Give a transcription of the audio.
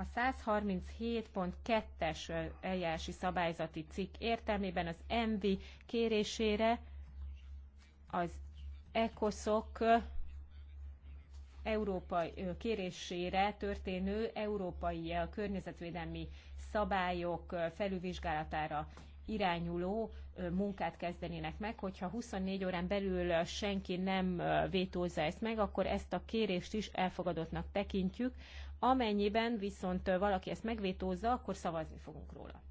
a 137.2-es eljárási szabályzati cikk értelmében az MV kérésére az ECOSOC európai kérésére történő európai környezetvédelmi szabályok felülvizsgálatára irányuló munkát kezdenének meg, hogyha 24 órán belül senki nem vétózza ezt meg, akkor ezt a kérést is elfogadottnak tekintjük. Amennyiben viszont valaki ezt megvétózza, akkor szavazni fogunk róla.